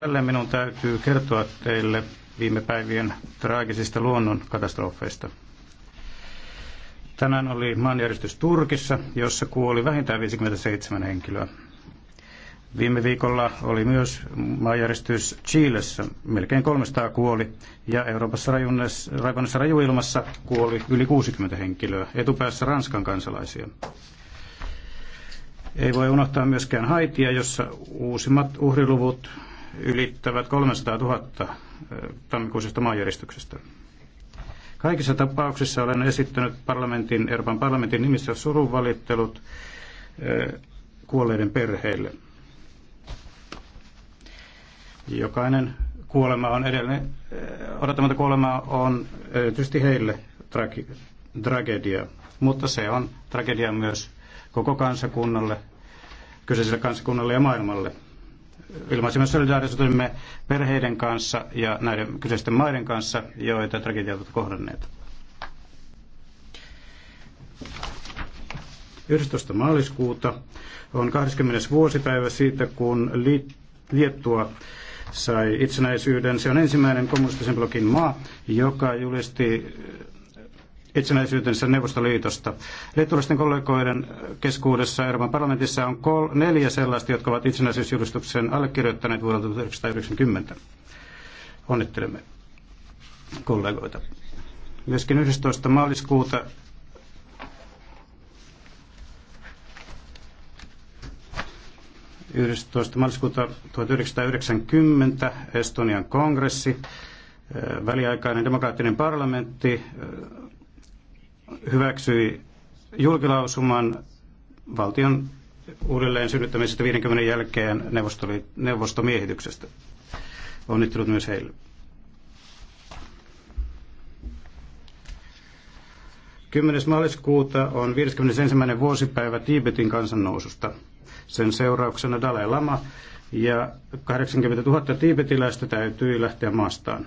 Tälle minun täytyy kertoa teille viime päivien traagisista luonnonkatastrofeista. Tänään oli maanjäristys Turkissa, jossa kuoli vähintään 57 henkilöä. Viime viikolla oli myös maanjäristys Chilessä, melkein 300 kuoli, ja Euroopassa raivannessa rajuilmassa kuoli yli 60 henkilöä, etupäässä Ranskan kansalaisia. Ei voi unohtaa myöskään Haitia, jossa uusimmat uhriluvut ylittävät 300 000 tammikuisesta maanjäristyksestä. Kaikissa tapauksissa olen esittänyt parlamentin, Euroopan parlamentin nimissä surunvalittelut kuolleiden perheille. Jokainen kuolema on edelleen, odottamatta kuolema on tietysti heille trage, tragedia, mutta se on tragedia myös koko kansakunnalle, kyseiselle kansakunnalle ja maailmalle ilmaisimme solidaarisuutemme perheiden kanssa ja näiden kyseisten maiden kanssa, joita tragediat ovat kohdanneet. 11. maaliskuuta on 20. vuosipäivä siitä, kun Liettua sai itsenäisyyden. Se on ensimmäinen kommunistisen blokin maa, joka julisti itsenäisyytensä Neuvostoliitosta. Liittolaisten kollegoiden keskuudessa Euroopan parlamentissa on kol- neljä sellaista, jotka ovat itsenäisyysjulistuksen allekirjoittaneet vuodelta 1990. Onnittelemme kollegoita. Myöskin 11. maaliskuuta Yhdestoista maaliskuuta 1990 Estonian kongressi eh, väliaikainen demokraattinen parlamentti eh, hyväksyi julkilausuman valtion uudelleen synnyttämisestä 50 jälkeen neuvostomiehityksestä. Onnittelut myös heille. Kymmenes maaliskuuta on 51. vuosipäivä Tiibetin kansannoususta. Sen seurauksena Dalai Lama ja 80 000 tiibetiläistä täytyy lähteä maastaan.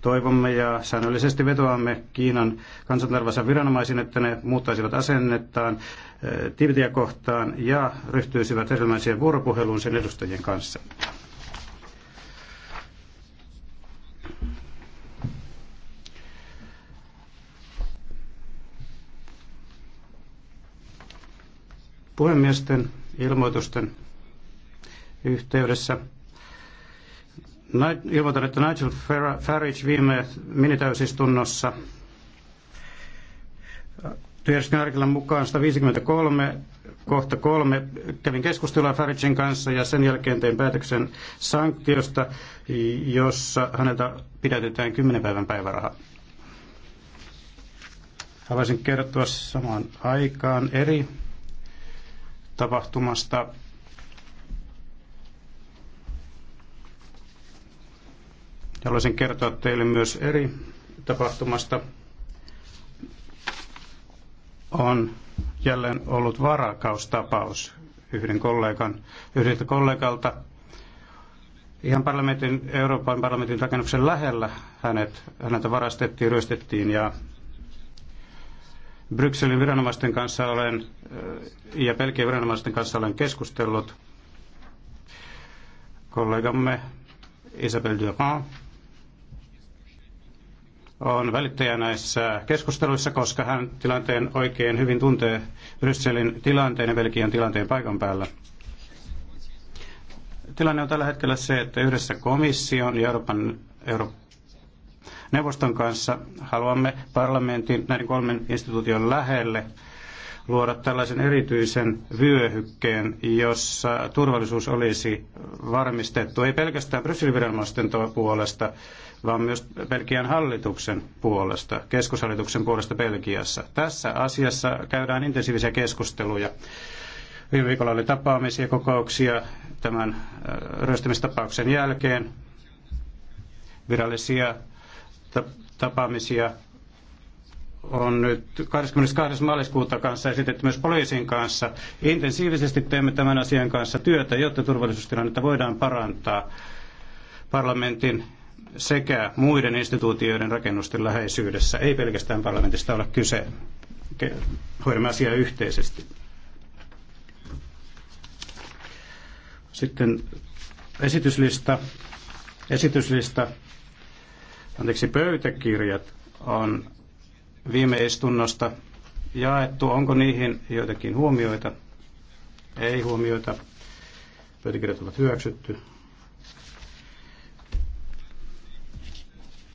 Toivomme ja säännöllisesti vetoamme Kiinan kansantarvassa viranomaisiin, että ne muuttaisivat asennettaan eh, Tibetiä kohtaan ja ryhtyisivät erilaisiin vuoropuheluun sen edustajien kanssa. Puhemiesten ilmoitusten yhteydessä Ilmoitan, että Nigel Farage viime minitäysistunnossa työjärjestön artiklan mukaan 153 kohta kolme. Kävin keskustelua Faragein kanssa ja sen jälkeen tein päätöksen sanktiosta, jossa häneltä pidätetään 10 päivän päiväraha. Haluaisin kertoa samaan aikaan eri tapahtumasta Haluaisin kertoa teille myös eri tapahtumasta. On jälleen ollut varakaustapaus yhden kollegan, yhdeltä kollegalta. Ihan parlamentin, Euroopan parlamentin rakennuksen lähellä hänet, häneltä varastettiin, ryöstettiin ja Brysselin viranomaisten kanssa olen äh, ja Belgian viranomaisten kanssa olen keskustellut kollegamme Isabel Durand on välittäjä näissä keskusteluissa, koska hän tilanteen oikein hyvin tuntee Brysselin tilanteen ja Belgian tilanteen paikan päällä. Tilanne on tällä hetkellä se, että yhdessä komission ja Euroopan Euro- neuvoston kanssa haluamme parlamentin näiden kolmen instituution lähelle luoda tällaisen erityisen vyöhykkeen, jossa turvallisuus olisi varmistettu ei pelkästään Brysselin viranomaisten puolesta, vaan myös Belgian hallituksen puolesta, keskushallituksen puolesta Belgiassa. Tässä asiassa käydään intensiivisiä keskusteluja. Viime viikolla oli tapaamisia kokouksia tämän äh, ryöstämistapauksen jälkeen, virallisia tapaamisia on nyt 22. maaliskuuta kanssa esitetty myös poliisin kanssa. Intensiivisesti teemme tämän asian kanssa työtä, jotta turvallisuustilannetta voidaan parantaa parlamentin sekä muiden instituutioiden rakennusten läheisyydessä. Ei pelkästään parlamentista ole kyse. Hoidamme asiaa yhteisesti. Sitten esityslista. Esityslista, anteeksi, pöytäkirjat on viime istunnosta jaettu. Onko niihin joitakin huomioita? Ei huomioita. Pöytäkirjat ovat hyväksytty.